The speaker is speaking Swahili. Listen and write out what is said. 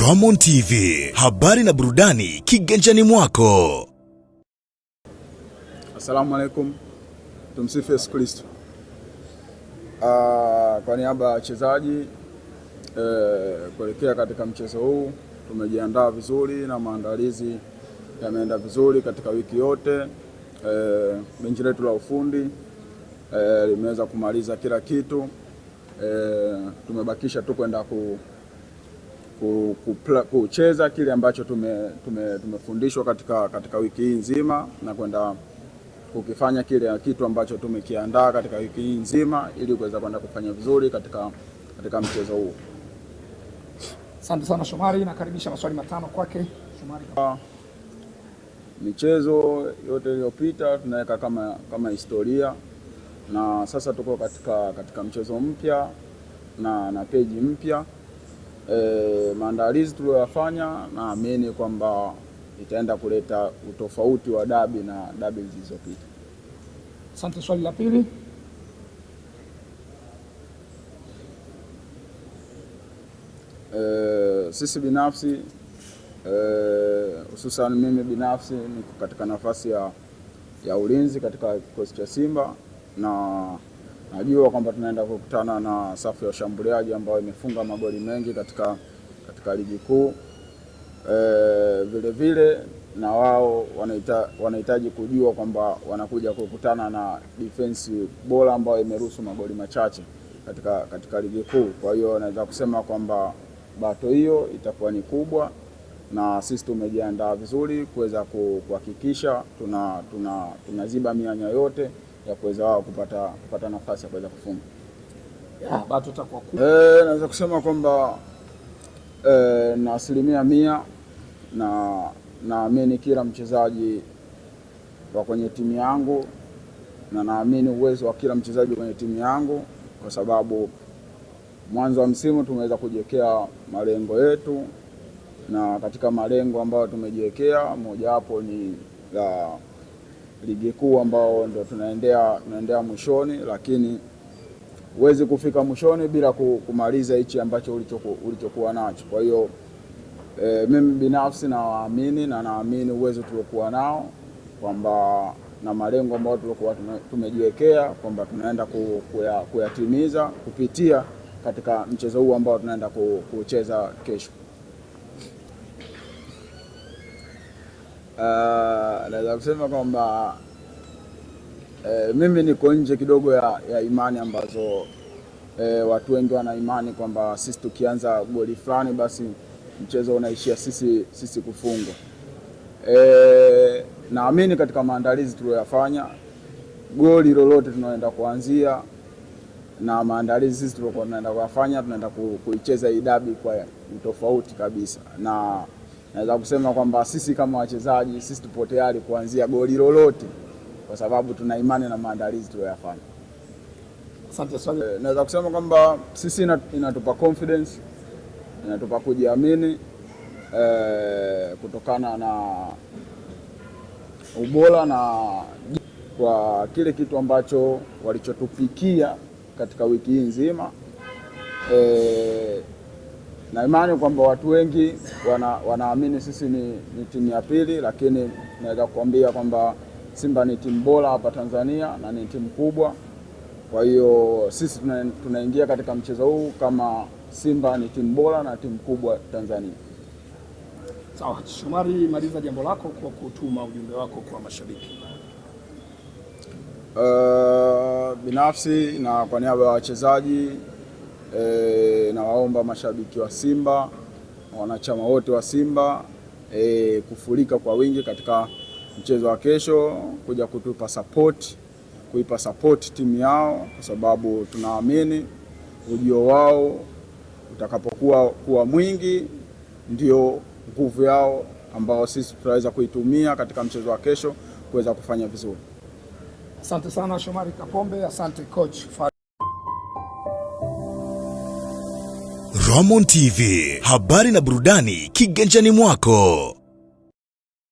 Ramon TV, habari na burudani kiganjani mwako. Asalamu alaikum, tumsifu Yesu Kristo. Ah, kwa niaba ya wachezaji e, kuelekea katika mchezo huu tumejiandaa vizuri na maandalizi yameenda vizuri katika wiki yote. E, benchi letu la ufundi e, limeweza kumaliza kila kitu tumebakisha tu kwenda ku kucheza kile ambacho tumefundishwa tume, tume katika, katika wiki hii nzima na kwenda kukifanya kile kitu ambacho tumekiandaa katika wiki hii nzima ili kuweza kwenda kufanya vizuri katika, katika mchezo huu. Asante sana Shomari, nakaribisha maswali matano kwake Shomari. Michezo yote iliyopita tunaweka kama, kama historia na sasa tuko katika, katika mchezo mpya na, na peji mpya e, maandalizi tuliyoyafanya, naamini kwamba itaenda kuleta utofauti wa dabi na dabi zilizopita. Asante. Swali la pili. E, sisi binafsi e, hususan e, mimi binafsi niko katika nafasi ya, ya ulinzi katika kikosi cha Simba na najua kwamba tunaenda kukutana na safu ya washambuliaji ambao imefunga magoli mengi katika, katika ligi kuu e, vile vile na wao wanahitaji kujua kwamba wanakuja kukutana na defense bora ambayo imeruhusu magoli machache katika, katika ligi kuu. Kwa hiyo naweza kusema kwamba bato hiyo itakuwa ni kubwa na sisi tumejiandaa vizuri kuweza kuhakikisha tunaziba tuna, tuna mianya yote ya kuweza wao kupata, kupata nafasi ya kuweza kufunga. Eh, naweza kusema kwamba eh, na asilimia mia na naamini kila mchezaji wa kwenye timu yangu na naamini uwezo wa kila mchezaji kwenye timu yangu, kwa sababu mwanzo wa msimu tumeweza kujiwekea malengo yetu, na katika malengo ambayo tumejiwekea mojawapo ni la ligi kuu ambao ndo tunaendea, tunaendea mwishoni, lakini huwezi kufika mwishoni bila kumaliza hichi ambacho ulichokuwa ulichokuwa nacho. Kwa hiyo e, mimi binafsi nawaamini na naamini uwezo tuliokuwa nao kwamba na malengo ambayo tulikuwa tumejiwekea kwamba tunaenda kuyatimiza kupitia katika mchezo huu ambao tunaenda kucheza kesho. Eh, naweza kusema kwamba eh, mimi niko nje kidogo ya, ya imani ambazo uh, watu wengi wana imani kwamba sisi tukianza goli fulani basi mchezo unaishia sisi, sisi kufungwa. Uh, naamini katika maandalizi tuliyoyafanya goli lolote tunaenda kuanzia na maandalizi sisi tulikuwa tunaenda kuyafanya, tunaenda kuicheza idabi kwa utofauti kabisa na naweza kusema kwamba sisi kama wachezaji sisi tupo tayari kuanzia goli lolote, kwa sababu tuna imani na maandalizi tuliyoyafanya. Asante sana. Eh, naweza kusema kwamba sisi inatupa confidence, inatupa kujiamini eh, kutokana na ubora na kwa kile kitu ambacho walichotupikia katika wiki hii nzima eh, na imani kwamba watu wengi wana, wanaamini sisi ni, ni timu ya pili, lakini naweza kukwambia kwamba Simba ni timu bora hapa Tanzania na ni timu kubwa. Kwa hiyo sisi tunaingia katika mchezo huu kama Simba ni timu bora na timu kubwa Tanzania. Sawa, Shomari, maliza jambo lako kwa kutuma ujumbe wako kwa mashabiki. Uh, binafsi na kwa niaba ya wachezaji eh, nawaomba mashabiki wa Simba wanachama wote wa Simba e, kufurika kwa wingi katika mchezo wa kesho kuja kutupa support, kuipa support timu yao, kwa sababu tunaamini ujio wao utakapokuwa kuwa mwingi ndio nguvu yao ambao sisi tutaweza kuitumia katika mchezo wa kesho kuweza kufanya vizuri. Asante sana Shomari Kapombe, asante coach. Ramon TV, habari na burudani kiganjani mwako.